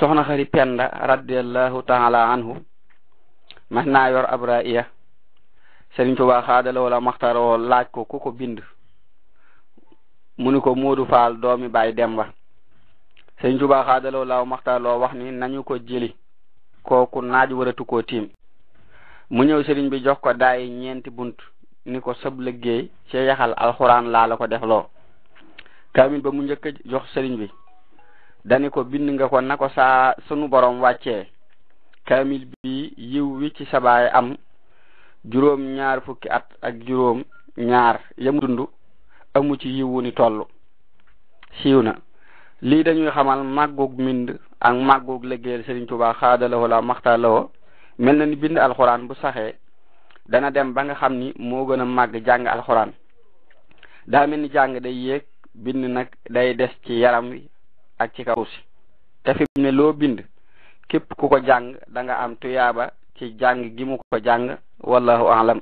soxna xari penda radiallahu taala anhu mas yor ab ra'iya sëriñ Tuubaa xaadala wala maxtaroo laaj ko ku ko bind muniko ni fal domi Faal doomi Baay Demba sëriñ Tuubaa xaadala wala maxtaroo wax ni nañu ko jeli. kooku naaj waratu koo tim. mu ñëw sëriñ bi jox ko daay ñeenti bunt ni ko sab liggéey ci yaxal alxuraan laa la ko defloo kamil ba mu njëkk jox sëriñ bi dani ko bind nga ko nako sa sunu borom wacce kamil bi yiw wi ci sabaay am juróom ñaar fukki at ak juróom ñaar yam dund amu ci yiw ni tollu siiw na lii dañuy xamal màggug mind ak màggug liggéeyal sëriñ tuba xaadalahu la maxta lawo mel na ni bind alxuraan bu saxee dana dem ba nga xam ni moo gën a màgg jàng alxuraan daa mel ni jàng day yéeg bind nag day des ci yaram wi ak ci kaw si te fi loo bind képp ku ko jàng da am tuyaaba ci jàng gi mu ko jàng wallahu alam